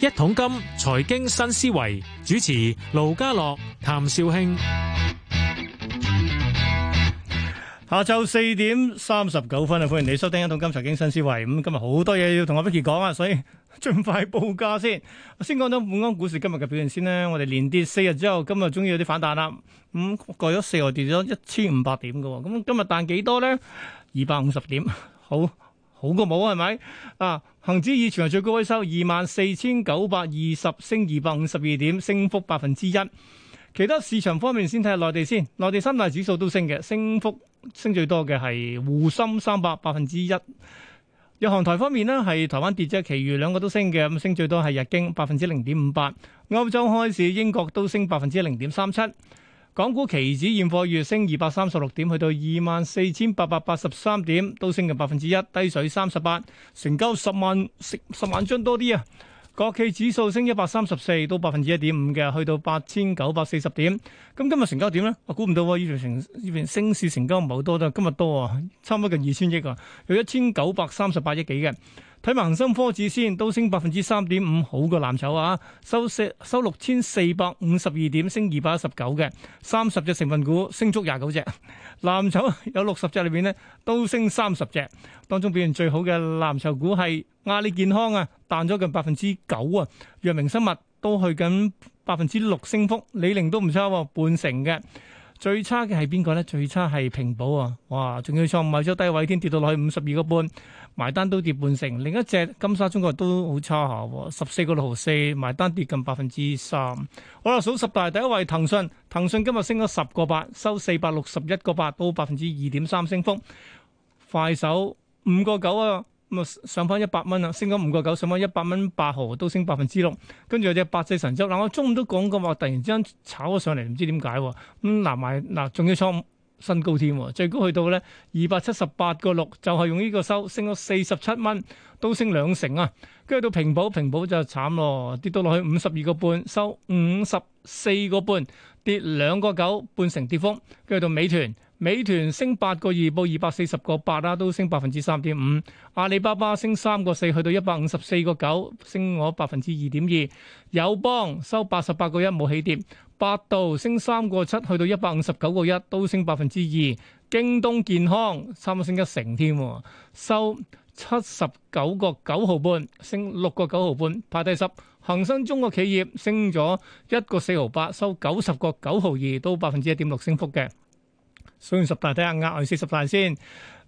一桶金財經新思維，主持盧家樂譚紹興，下晝四點三十九分啊！歡迎你收聽一桶金財經新思維。咁、嗯、今日好多嘢要同阿 Bicky 講啊，所以盡快報價先。先講到本港股市今日嘅表現先啦。我哋連跌四日之後，今終於、嗯、日終於有啲反彈啦。咁過咗四日跌咗一千五百點喎。咁今日彈幾多呢？二百五十點，好。好過冇係咪？啊，恆指以全日最高位收二萬四千九百二十，升二百五十二點，升幅百分之一。其他市場方面，先睇下內地先。內地三大指數都升嘅，升幅升最多嘅係滬深三百百分之一。日韓台方面呢，係台灣跌啫，其餘兩個都升嘅咁，升最多係日經百分之零點五八。歐洲開市，英國都升百分之零點三七。港股期指現貨月升二百三十六點，去到二萬四千八百八十三點，都升近百分之一，低水三十八，成交十萬十十萬張多啲啊！國企指數升一百三十四，到百分之一點五嘅，去到八千九百四十點。咁今日成交點呢？我估唔到啊！呢度成呢邊升市成交唔係好多啫，今日多啊，差唔多近二千億啊，有一千九百三十八億幾嘅。睇埋恒生科指先，都升百分之三點五，好過藍籌啊！收四收六千四百五十二點，升二百一十九嘅，三十隻成分股，升足廿九隻藍籌有60裡，有六十隻裏面呢都升三十隻，當中表現最好嘅藍籌股係阿里健康啊，彈咗近百分之九啊，藥明生物都去緊百分之六升幅，李寧都唔差喎，半成嘅最差嘅係邊個呢？最差係平保啊！哇，仲要創埋咗低位添，天跌到落去五十二個半。埋單都跌半成，另一隻金沙中國都好差下，十四個六毫四，埋單跌近百分之三。我話數十大第一位騰訊，騰訊今日升咗十個八，收四百六十一個八，都百分之二點三升幅。快手五個九啊，咁啊上翻一百蚊啦，升咗五個九，上翻一百蚊八毫都升百分之六。跟住有隻百濟神州，嗱我中午都講過話，突然之間炒咗上嚟，唔知點解。咁嗱埋嗱，仲要錯。新高添，最高去到咧二百七十八個六，就係用呢個收升咗四十七蚊，都升兩成啊。跟住到平保，平保就慘咯，跌到落去五十二個半，收五十四個半，跌兩個九半成跌幅。跟住到美團。美團升八個二，報二百四十個八啦，都升百分之三點五。阿里巴巴升三個四，去到一百五十四個九，升我百分之二點二。友邦收八十八個一，冇起跌。百度升三個七，去到一百五十九個一，都升百分之二。京東健康三個升一成添，收七十九個九毫半，升六個九毫半，排第十。恒生中國企業升咗一個四毫八，收九十個九毫二，都百分之一點六升幅嘅。上十大睇下，押住四十大先。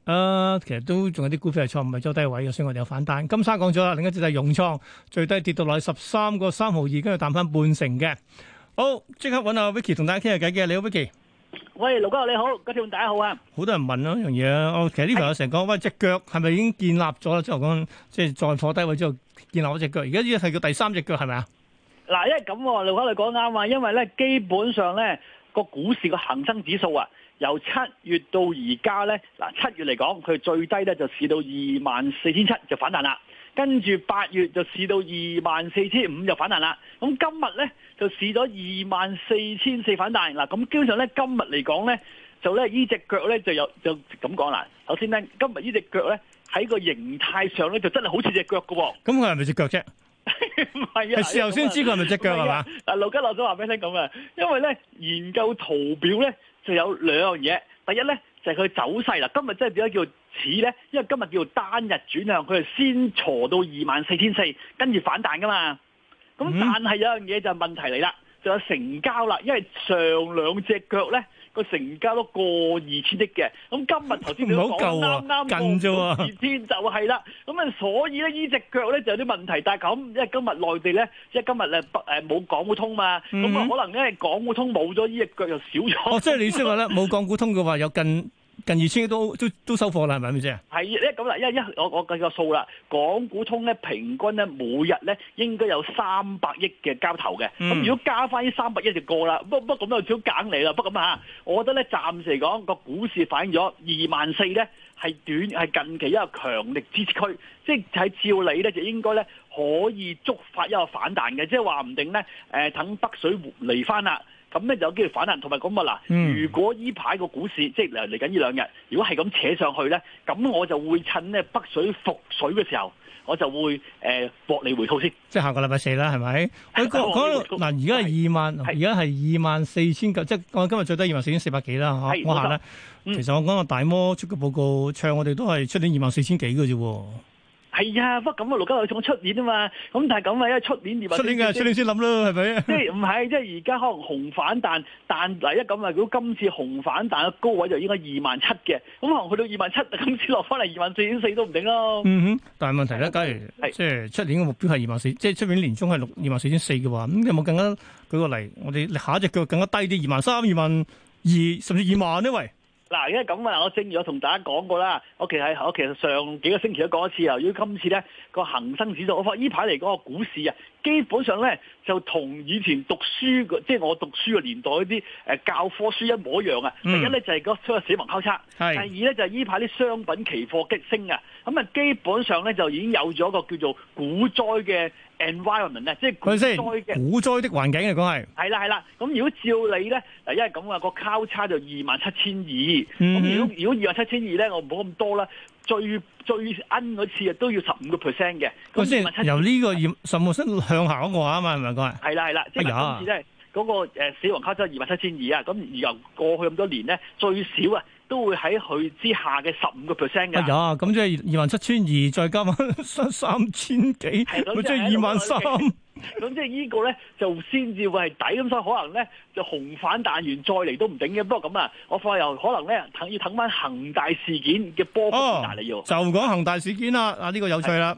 啊，其實都仲有啲股票係創唔係最低位嘅，所以我哋有反彈。金沙講咗啦，另一隻就係融創，最低跌到落去十三個三毫二，跟住淡翻半成嘅。好，即刻揾阿 Vicky 同大家傾下偈嘅。你好，Vicky。喂，盧哥你好，嗰條友大家好啊。好多人問咯樣嘢啊，我其實呢條友成講，喂，隻腳係咪已經建立咗啦？之後講即係再破低位之後建立嗰隻腳，而家呢係叫第三隻腳係咪啊？嗱，因為咁，盧哥你講啱啊，因為咧基本上咧個股市個恆生指數啊。由七月到而家咧，嗱七月嚟講，佢最低咧就市到二萬四千七就反彈啦。跟住八月就市到二萬四千五就反彈啦。咁今日咧就市咗二萬四千四反彈。嗱，咁基本上咧今日嚟講咧，就咧呢隻腳咧就有就咁講啦。首先咧，今日呢隻腳咧喺個形態上咧就真係好似隻腳㗎喎。咁係咪隻腳啫？唔 係啊，係先先知佢係咪隻腳係嘛？嗱、啊，劉吉老總話俾你聽咁啊，因為咧研究圖表咧。就有兩樣嘢，第一呢，就係、是、佢走勢啦。今日真係點樣叫似呢，因為今日叫單日轉向，佢係先挫到二萬四千四，跟住反彈噶嘛。咁、嗯、但係有一樣嘢就係問題嚟啦，就有成交啦，因為上兩隻腳呢，個成交都過二千億嘅，咁今日頭先你講啱啱近啫喎、啊，二千就係啦，咁啊所以咧呢隻腳咧就有啲問題，但係咁，因為今日內地咧，即係今日呢，誒冇港股通嘛，咁、嗯、啊可能咧港股通冇咗呢隻腳又少咗。哦，即係你先話咧冇港股通嘅話有近。 近二千億都都都收貨啦，係咪先啫？係咧咁啦，因為一一我我計個數啦，港股通咧平均咧每日咧應該有三百億嘅交投嘅。咁、嗯、如果加翻呢三百億就過啦，不不咁就少揀你啦。不過咁吓，我覺得咧暫時嚟講個股市反映咗二萬四咧係短係近期一個強力支持區，即係係照理咧就應該咧可以觸發一個反彈嘅，即係話唔定咧誒、呃、等北水嚟翻啦。咁咧就有機會反彈，同埋講話嗱，如果依排個股市即係嚟緊呢兩日，如果係咁扯上去咧，咁我就會趁咧北水覆水嘅時候，我就會誒獲、呃、利回套回吐先。即係下個禮拜四啦，係咪 在說、 啊？我講嗱，而家係二萬，而家係二萬四千九，即係我今日最低二萬四千四百幾啦嚇。我下咧，其實我講個大摩出嘅報告，嗯、唱我哋都係出年二萬四千幾嘅啫。係啊，不過咁啊，六九六仲出年啊嘛，咁但係咁啊，因為出年才才年出年嘅出年先諗啦，係咪？ 即係唔係？即係而家可能紅反彈，但第一咁啊，如果今次紅反彈嘅高位就應該二萬七嘅，咁可能去到二萬七，咁先落翻嚟二萬四千四都唔定咯。嗯哼，但係問題咧，假如即係出年嘅目標係二萬四，即係出年年中係六二萬四千四嘅話，咁你有冇更加舉個例？我哋下一隻腳更加低啲，二萬三、二萬二，甚至二萬呢？喂？嗱，而家咁啊！我正如我同大家講過啦，我其實，我其實上幾個星期都講一次啊，由於今次咧個恒生指數，我發呢排嚟嗰個股市啊，基本上咧就同以前讀書即係、就是、我讀書嘅年代嗰啲教科書一模一樣啊。第一咧就係嗰出個死亡交叉，第二咧就係呢排啲商品期貨激升啊。咁啊，基本上咧就已經有咗個叫做股災嘅。Environment 咧，即係古災嘅古災的環境嚟講係，係啦係啦。咁如果照你咧，嗱，因為咁啊，個交叉就二萬七千二。咁如果如果二萬七千二咧，我唔好咁多啦。最最奀嗰次啊，都要十五個 percent 嘅。咁先由呢個二十五 percent 向下嗰個啊嘛，係咪講係？係啦係啦，即係今次咧嗰、哎、那個、呃、死亡交叉二萬七千二啊，咁由過去咁多年咧最少啊。都會喺佢之下嘅十五個 percent 嘅。咁即係二萬七千二，哎、再加翻三三千幾，咁即係二萬三。咁即係呢個咧，就先至、啊、會係底，咁所以可能咧就紅反彈完再嚟都唔頂嘅。不過咁啊，我發覺又可能咧，要等翻恒大事件嘅波。哦，要就講恒大事件啦，啊呢、呢個有趣啦，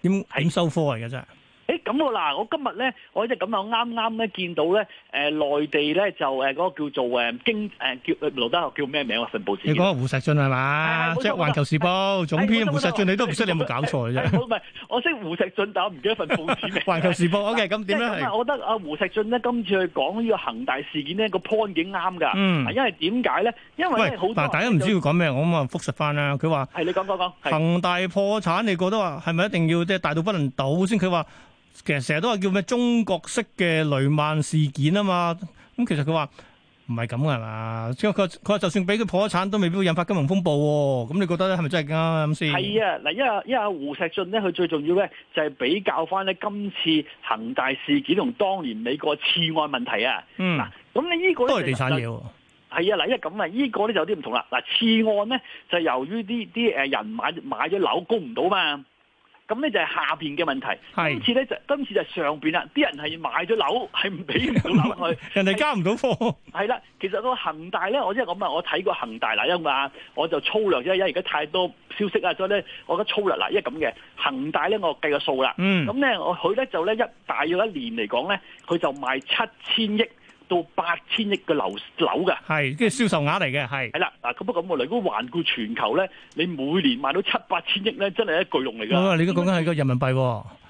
點點收科嚟嘅啫？誒咁喎嗱，我今日咧，我即係咁啊，啱啱咧見到咧，誒內地咧就誒嗰個叫做誒經誒叫唔記得叫咩名啊份報紙。你講阿胡錫進係嘛？即係《環球時報》總編胡錫進，你都唔識，你有冇搞錯嘅啫？唔係，我識胡錫進，但係我唔記得份報紙。《環球時報》，O K，咁點樣？即係咁啊，我覺得阿胡錫進咧今次去講呢個恒大事件咧，個 point 幾啱㗎。嗯。因為點解咧？因為好。嗱，大家唔知要講咩，我咁啊復述翻啦。佢話：係你講講講。恒大破產你覺得話係咪一定要即係大到不能倒先？佢話。其實成日都話叫咩中國式嘅雷曼事件啊嘛，咁其實佢話唔係咁嘅係嘛，因為佢佢話就算俾佢破咗產，都未必會引發金融風暴喎、啊。咁你覺得咧係咪真係啱先？係啊，嗱，因為因為胡錫進咧，佢最重要咧就係比較翻咧今次恒大事件同當年美國次按問題啊。嗯。嗱、就是，咁你依個都係地產嘢喎。係啊，嗱，因為咁啊，呢個咧就有啲唔同啦。嗱，次按咧就由於啲啲誒人買買咗樓供唔到嘛。咁呢就係下面嘅問題，今次咧就今次就係上邊啦，啲人係買咗樓，係唔俾唔到樓去，人哋交唔到貨。係啦，其實個恒大咧，我即係咁啊，我睇過恒大啦，因為我就粗略，因為而家太多消息啦，所以咧我覺得粗略啦，因為咁嘅恒大咧，我計個數啦，咁咧我佢咧就咧一大約一年嚟講咧，佢就賣七千億。到八千億嘅樓樓嘅，係，即係銷售額嚟嘅，係。係啦，嗱，咁不過咁我如果環顧全球咧，你每年賣到七八千億咧，真係一巨龍嚟噶。你都講緊係個人民幣，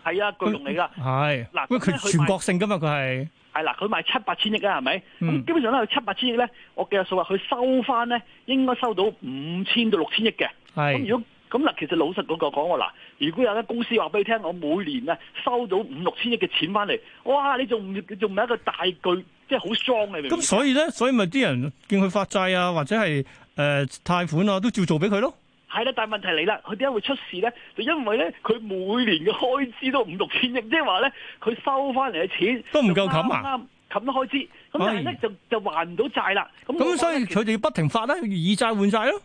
係啊，巨龍嚟噶。係，嗱，佢全國性噶嘛，佢係。係啦，佢賣七八千億啊，係咪？咁、嗯、基本上咧，有七八千億咧，我計數話佢收翻咧，應該收到五千到六千億嘅。係。咁如果咁嗱，其實老實嗰個講話嗱，如果有間公司話俾你聽，我每年咧收到五六千億嘅錢翻嚟，哇！你仲唔仲唔係一個大巨，即係好 strong 嘅？咁所以咧，所以咪啲人見佢發債啊，或者係誒、呃、貸款啊，都照做俾佢咯。係啦，但係問題嚟啦，佢點解會出事咧？就因為咧，佢每年嘅開支都五六千億，即係話咧，佢收翻嚟嘅錢都唔夠冚啊，冚得開支。咁但係咧、哎，就就還唔到債啦。咁所以佢哋要不停發啦，以債換債咯，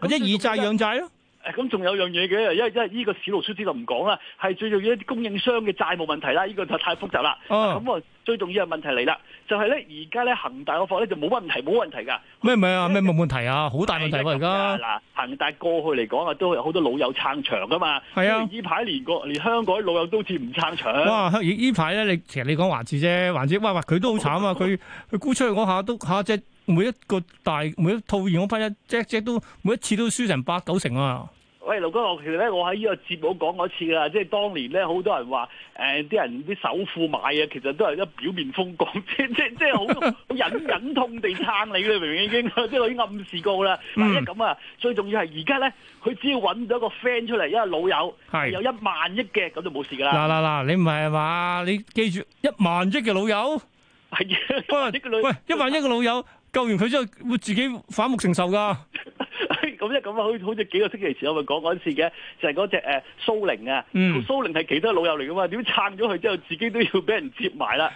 或者以債養債咯。誒咁仲有樣嘢嘅，因為因為呢個小路出資就唔講啦，係最重要一啲供應商嘅債務問題啦，呢、這個就太複雜啦。咁啊，啊，最重要嘅問題嚟啦，就係咧而家咧恒大個貨咧就冇問題冇問題㗎。咩唔係啊？咩冇、就是、問題啊？好大問題㗎而家。嗱，恒大過去嚟講啊，都有好多老友撐場㗎嘛。係啊。呢排連個連香港啲老友都好似唔撐場哇！呢排咧，你其實你講華置啫，華置哇哇佢都好慘啊！佢 佢沽出去嗰下都下隻。每一個大每一套如果翻一隻只都每一次都輸成八九成啊！喂，劉哥，我其實咧，我喺呢個節目講過一次噶啦，即係當年咧，好多人話誒，啲人啲首富買啊，其實都係一表面風光，即即即好忍忍痛地撐你啦，明唔明已經？即係我已經暗示過啦。嗱，一咁啊，最重要係而家咧，佢只要揾到一個 friend 出嚟，因為老友係有一萬億嘅，咁就冇事噶啦。嗱嗱嗱，你唔係嘛？你記住一萬億嘅老友係呀？喂，一萬億嘅老友。救完佢之後會自己反目成仇噶，咁即咁啊！好好似幾個星期前我咪講過一次嘅，就係嗰隻誒蘇寧啊，蘇寧係其他老友嚟噶嘛，點撐咗佢之後自己都要俾人接埋啦。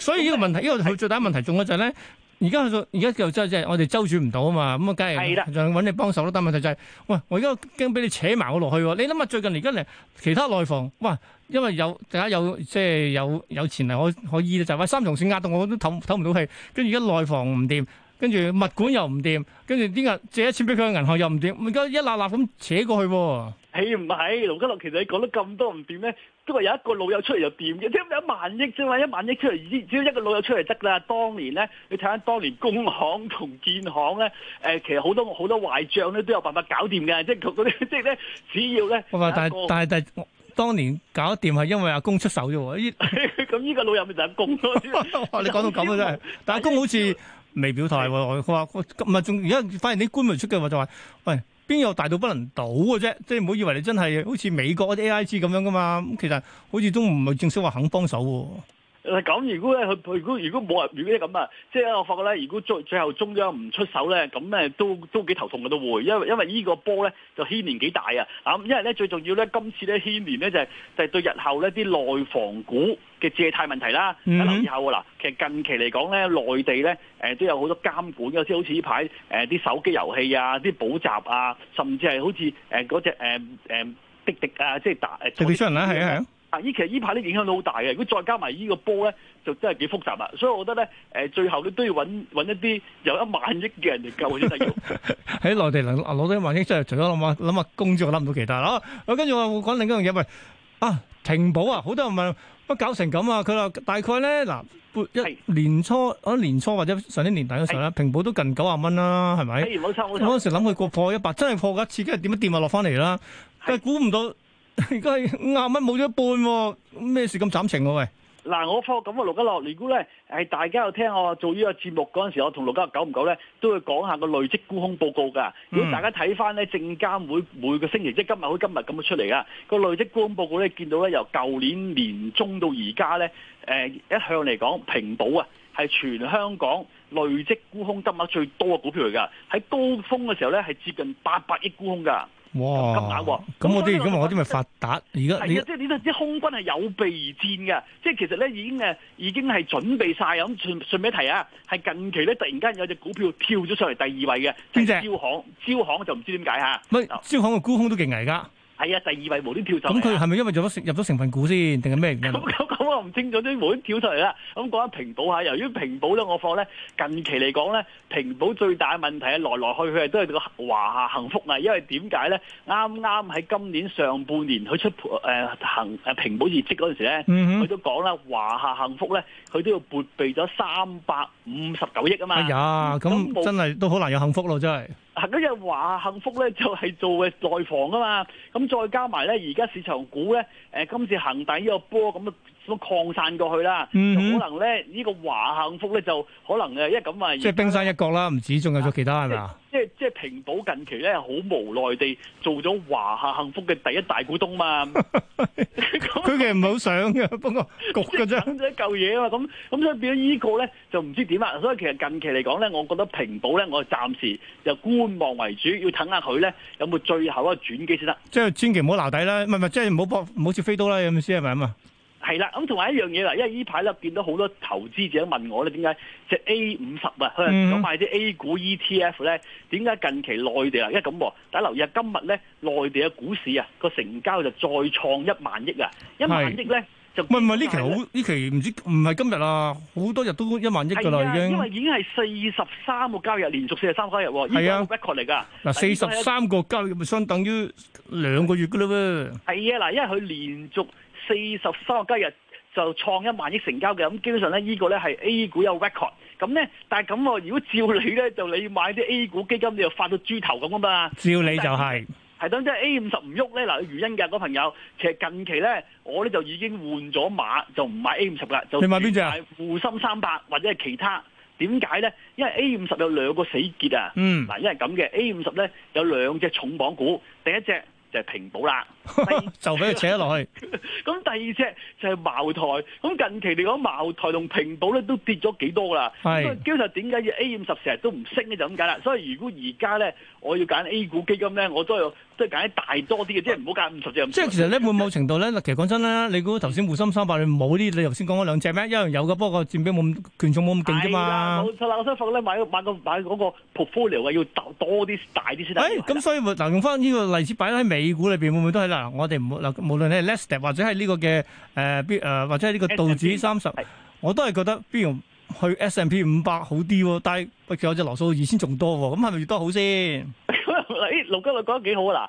所以呢個問題，呢、嗯這個係最大問題仲係咧。而家佢而家又真係即係我哋周轉唔到啊嘛，咁啊梗係就揾你幫手咯。但問題就係、是，喂，我而家驚俾你扯埋我落去喎。你諗下最近而家嚟其他內房，哇，因為有而家有即係、就是、有有前例可可以就係、是、話三重線壓到我都唞唔到氣，跟住而家內房唔掂，跟住物管又唔掂，跟住點解借一千俾佢銀行又唔掂，而家一立立咁扯過去喎、啊。誒唔係，龍金樂其實你講得咁多唔掂咩？都話有一個老友出嚟就掂嘅，即一萬億啫嘛，一萬億出嚟，只要一個老友出嚟得㗎。當年咧，你睇下當年工行同建行咧，誒、呃、其實好多好多壞帳咧都有辦法搞掂嘅，即係嗰啲即係咧，只要咧。但係但係但係，當年搞掂係因為阿公出手啫喎。咁 呢個老友咪就阿公咯。 你講到咁啊真係，但阿公好似未表態喎。佢話唔係仲而家反而啲官媒出嘅話就話、是、喂，邊有大到不能倒嘅啫？即係唔好以為你真係好似美國嗰啲 AIG 咁樣噶嘛。咁其實好似都唔係正式話肯幫手喎。咁如果咧佢如果如果冇啊，如果咁啊，即係我發覺咧，如果最最後中央唔出手咧，咁咧都都幾頭痛嘅都會，因為因為呢個波咧就牽連幾大啊。咁因為咧最重要咧，今次咧牽連咧就係就係對日後咧啲內房股嘅借貸問題啦。Mm-hmm. 留意下喎嗱，其實近期嚟講咧，內地咧誒都有好多監管，有啲好似呢排誒啲手機遊戲啊、啲補習啊，甚至係好似誒嗰隻誒誒滴滴啊，即係打誒。商、呃、人啊，係啊係啊。嗱，依其實依排啲影響都好大嘅，如果再加埋依個波咧，就真係幾複雜啦。所以我覺得咧，誒最後咧都要揾揾一啲有一萬億嘅人嚟救，真係喺內地能攞到一萬億出嚟，除咗諗下諗下工資，我諗唔到其他啦、啊。跟住我講另一樣嘢，喂，啊平保啊，好多人問乜搞成咁啊？佢話大概咧嗱，一年初，我年初或者上年年底嗰時候咧，平保都近九十蚊啦，係咪？我嗰時諗佢過破一百，真係破的一次，跟住點樣掂咪落翻嚟啦，但係估唔到。而家係五十蚊冇咗一半，哦，咩事咁慘情我、啊、喂？嗱，我科咁啊，盧家樂，如果咧係大家又聽我做呢個節目嗰陣時，我同盧家樂久唔久咧都會講下個累積沽空報告噶。如果大家睇翻咧，證監會每個星期，即係今日好今日咁樣出嚟噶、個累積沽空報告咧，見到咧由舊年年中到而家咧，誒、呃、一向嚟講平保啊，係全香港累積沽空金額最多嘅股票嚟噶。喺高峰嘅時候咧，係接近八百億沽空噶。哇！咁我啲已經話我啲咪發達，而家係啊，即係你啲空軍係有備而戰嘅，即係其實咧已經誒已經係準備晒。咁順順便提啊，係近期咧突然間有隻股票跳咗上嚟第二位嘅，即係招行，招行就唔知點解嚇。唔係招行個沽空都勁危噶。係啊，第二位無端跳走。咁佢係咪因為入咗成入咗成分股先，定係咩原因？咁 咁我唔清楚，都無端跳出嚟啦。咁、嗯、講下平保嚇，由於平保咧，我放咧近期嚟講咧，平保最大嘅問題係來來去去都係個華夏幸福啊。因為點解咧？啱啱喺今年上半年佢出誒、呃、行誒平保業績嗰陣時咧，佢、嗯、都講啦，華夏幸福咧，佢都要撥備咗三百五十九億啊嘛。哎呀，咁真係都好難有幸福咯，真係。嗱，今日話幸福咧就係做嘅內房啊嘛，咁再加埋咧，而家市場股咧，誒，今次恒大呢個波咁啊～都擴散過去啦，可能咧呢個華幸福咧就可能一因咁啊，即係冰山一角啦，唔止，仲有咗其他係咪啊？即係即係平保近期咧，好無奈地做咗華夏幸福嘅第一大股東嘛。佢 其實唔係好想嘅，不 過焗㗎啫，就是、一嚿嘢啊嘛。咁咁所以變咗呢個咧，就唔知點啦。所以其實近期嚟講咧，我覺得平保咧，我暫時就觀望為主，要等下佢咧有冇最後一個轉機先得。即係千祈唔好撈底啦，唔係即係唔好搏，唔好接飛刀啦，咁意思係咪啊嘛？係啦，咁同埋一樣嘢啦，因為呢排咧見到好多投資者問我咧，點解隻 A 五十啊，佢想買啲 A 股 ETF 咧、嗯？點解近期內地啊，因為咁？大家留意下，今日咧內地嘅股市啊，個成交就再創一萬億啊！一萬億咧就唔係唔係呢期好？呢期唔知唔係今日啊，好多日都一萬億噶啦，已經因為已經係四十三個交易日連續四十三個交易日喎。係啊，record 嚟㗎。嗱，四十三個交易咪相等於兩個月㗎啦喎。係啊，嗱，因為佢連續四十三個交易日就創一萬億成交嘅，咁基本上咧，呢個咧係 A 股有 record。咁咧，但係咁喎，如果照你咧，就你要買啲 A 股基金，你就發到豬頭咁啊嘛。照你就係、係，係等即係 A 五十唔喐咧，嗱，如因嘅、嗰個朋友，其實近期咧，我咧就已經換咗馬，就唔買 A 五十啦，就你買邊隻啊？滬深三百或者係其他？點解咧？因為 A 五十有兩個死結啊。嗯。嗱，因為咁嘅 A 五十咧，有兩隻重磅股，第一隻就係平保啦。 就俾佢扯咗落去。咁 第二隻就係茅台。咁近期你講茅台同平保咧都跌咗幾多啦。係。咁其實點解要 A 五十成日都唔升咧？就咁解啦。所以如果而家咧我要揀 A 股基金咧，我都係都係揀啲大多啲嘅，即係啊、 即係唔好揀五十隻咁。即係其實咧，會冇程度咧。其實講真啦，你估頭先滬深三百你冇啲？你頭先講咗兩隻咩？一樣有嘅，不過占比冇咁權重冇咁勁啫嘛。冇錯啦，我想發覺買買個買嗰個,個,個 portfolio 嘅要多啲大啲先得。咁、哎、所以嗱用翻呢個例子擺喺美股裡邊，會唔會都係？嗱，我哋唔好，無論你係 Lester 或者係呢個嘅誒，邊、呃、誒或者係呢個道指三十，我都係覺得不如去 S&P 五百好啲喎。但係，喂，有隻羅素二千仲多喎，咁係咪越多好先？誒盧吉律講得幾好啊！嗱，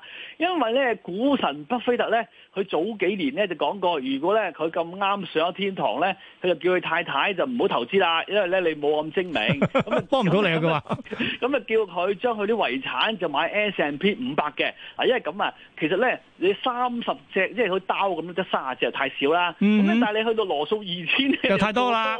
因為咧股神巴菲特咧，佢早幾年咧就講過，如果咧佢咁啱上咗天堂咧，佢就叫佢太太就唔好投資啦，因為咧你冇咁精明，咁 啊幫唔到你啊！佢話，咁 啊叫佢將佢啲遺產就買 S&P 五百嘅，啊，因為咁啊，其實咧你三十隻即係佢兜咁樣得三十隻就太少啦，咁、嗯、咧但係你去到羅素二千就太多啦，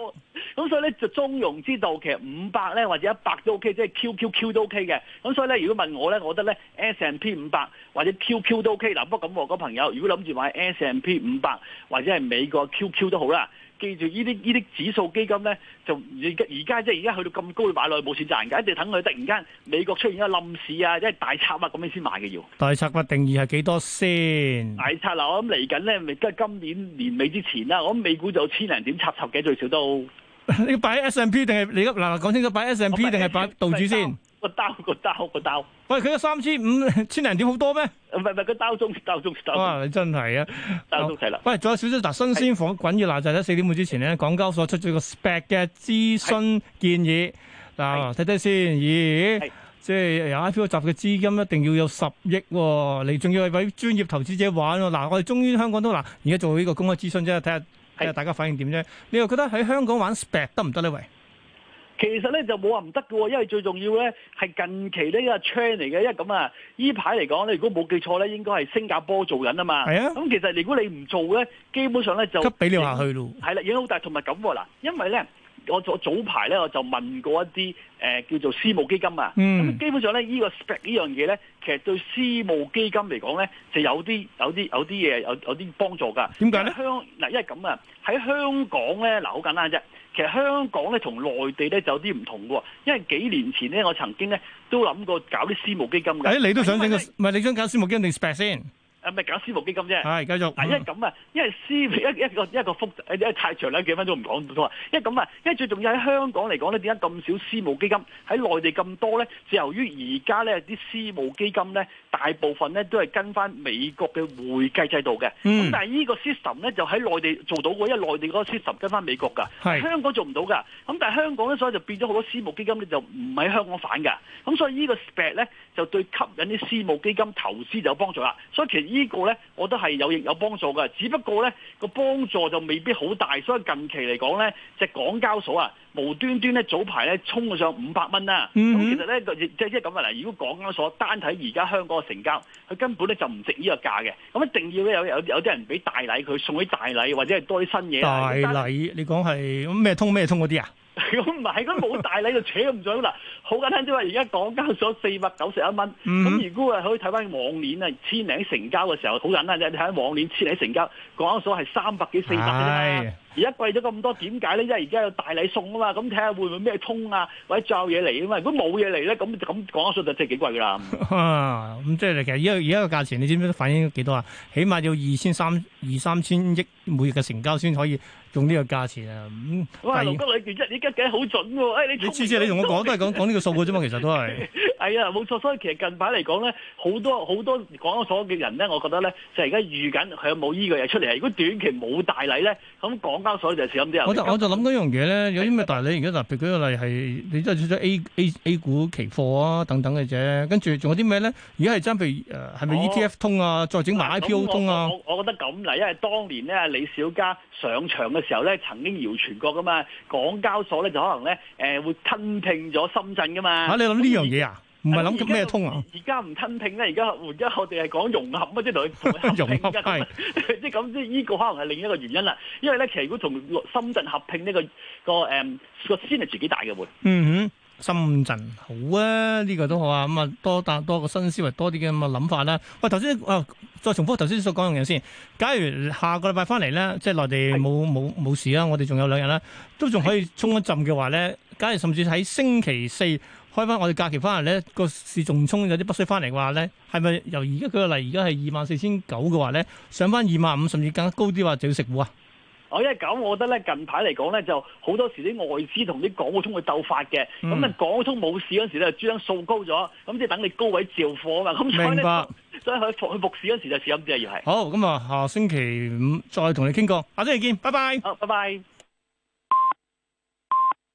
咁 所以咧就中庸之道，其實五百咧或者一百都 OK，即係 QQQ 都 OK 嘅，咁所以咧如果問我咧我，覺得咧，S&P 五百或者 Q Q 都 OK 嗱，不過咁我個朋友如果諗住買 S&P 五百或者係美國 Q Q 都好啦，記住呢啲呢啲指數基金咧，就而家即係而家去到咁高買去買落去冇錢賺嘅，一定等佢突然間美國出現一冧市啊，即係大拆挖咁先買嘅要。大拆啊定義係幾多先？大拆嗱，我諗嚟緊咧，即係今年年尾之前啦，我諗美股就千零點插插嘅，最少都。 你要擺 S&P 定係你嗱講清楚，擺 S&P 定係擺道指先？個兜個兜個兜，喂佢個三千五千零點好多咩？唔係唔係，個兜中兜中兜中，哇你真係啊，兜中啦。喂，仲有少少特新鮮貨滾熱辣就喺、是、四點半之前咧，港交所出咗個 spec 嘅諮詢建議嗱，睇睇先，咦、欸，即係有 IPO 集嘅資金一定要有十億、哦，你仲要係位專業投資者玩喎、哦。嗱，我哋終於香港都嗱，而家做呢個公開諮詢啫，睇下大家反應點啫。你又覺得喺香港玩 spec 得唔得呢？喂？其實咧就冇話唔得嘅，因為最重要咧係近期呢個 chain 嚟嘅。因為咁啊，依排嚟講咧，如果冇記錯咧，應該係新加坡做緊啊嘛。係啊，咁其實如果你唔做咧，基本上咧就，急俾你落去咯。係啦，影響好大，同埋咁嗱，因為咧。我我早排咧，我就問過一啲、呃、叫做私募基金啊，咁、嗯、基本上咧呢、呢個 spec 呢樣嘢咧，其實對私募基金嚟講咧，就有啲有啲有啲嘢有有啲幫助噶。點解咧？香嗱，因為咁啊，喺香港咧嗱，好簡單啫。其實香港咧同內地咧就有啲唔同嘅、啊，因為幾年前咧，我曾經咧都諗過搞啲私募基金嘅、哎。你都想整個？唔係你想搞私募基金定 spec 先？誒、啊、咪搞私募基金啫，係繼續。啊、嗯，因為咁啊，因為私一一個一個複誒太長啦，幾分鐘唔講唔通啊。因為咁啊，因為最重要喺香港嚟講咧，點解咁少私募基金喺內地咁多咧？就由於而家咧啲私募基金咧，大部分咧都係跟翻美國嘅會計制度嘅。嗯。咁但係呢個 system 咧就喺內地做到嘅，因為內地嗰個 system 跟翻美國㗎，係香港做唔到㗎。咁但係香港咧，所以就變咗好多私募基金咧就唔喺香港反㗎。咁所以個 speak 呢個 back 咧就對吸引啲私募基金投資就有幫助啦。所以其這個、呢個咧，我都係有有幫助嘅，只不過咧，個幫助就未必好大，所以近期嚟講咧，就港交所啊。無端端咧，早排咧，衝咗上五百蚊啦。咁、嗯、其實咧，即係即係咁話嚟。如果港交所單睇而家香港嘅成交，佢根本咧就唔值呢個價嘅。咁一定要咧有有有啲人俾大禮，佢送啲大禮，或者係多啲新嘢。大禮，你講係咩通咩通嗰啲啊？咁唔係，咁冇大禮就扯唔準啦。好簡單啫，即係話而家港交所四百九十一蚊。咁、嗯、如果啊，可以睇翻往年啊，千零成交嘅時候，好簡單啫。你睇下往年千零成交，港交所係三百幾四百而家貴咗咁多，點解咧？因為而家有大禮送啊嘛，咁睇下會唔會咩通啊，或者罩嘢嚟啊嘛。如果冇嘢嚟咧，咁咁講得出就真係幾貴噶啦。咁、 嗯、即係其實而家而家個價錢，你知唔知反映幾多啊？起碼要二千三二三千億每月嘅成交先可以。用呢個價錢啊！咁我係龍哥，你預家計好準喎，哎！你次次你同我都是講都係講講呢個數嘅啫嘛，其實都係。係 啊，冇錯。所以其實近排嚟講咧，好多好多港交所嘅人咧，我覺得咧就而、是、家預緊佢有冇依個嘢出嚟。如果短期冇大禮咧，咁港交所就係咁啲人。我就我就諗到一樣嘢咧，有啲咩大禮？而家特別舉個例係，你真係出咗 A A A 股期貨啊，等等嘅啫。跟住仲有啲咩咧？而家係真譬如係咪 ETF 通啊？哦，再整埋 IPO 通啊？啊嗯、我，我，我覺得咁嗱，因為當年咧李小加上場嘅。時候咧，曾經謠傳過噶嘛，港交所咧就可能咧，誒會吞併咗深圳噶嘛。嚇、啊！你諗呢樣嘢啊？唔係諗緊咩通啊？而家唔吞併咧，而家而家我哋係講融合，即係同佢融合。融合即係咁，即係呢個可能係另一個原因啦。因為咧，其實如果同深圳合併呢、這個、這個誒個先係自己大嘅喎。嗯哼，深圳好啊，呢、這個都好啊。咁啊，多得多個新思維，多啲嘅咁嘅諗法啦。喂，頭先啊。哎再重複頭先所講嘅嘢先。假如下個禮拜翻嚟咧，即係內地冇冇冇事啦，我哋仲有兩日啦，都仲可以衝一陣嘅話咧。假如甚至喺星期四開翻我哋假期翻嚟咧，個市仲衝有啲北水翻嚟嘅話咧，係咪由而家舉個例，而家係二萬四千九嘅話咧，上翻二萬五甚至更加高啲話就要食糊啊？我一講，我覺得咧近排嚟講咧，就好多時啲外資同啲港澳通去鬥法嘅，咁啊港澳通冇事嗰時咧，專登掃高咗，咁即係等你高位照火嘛，咁所以咧，所以佢復佢復市嗰時就小心啲啊，要係。好，咁啊下星期五再同你傾過，下星期見，拜拜，拜拜。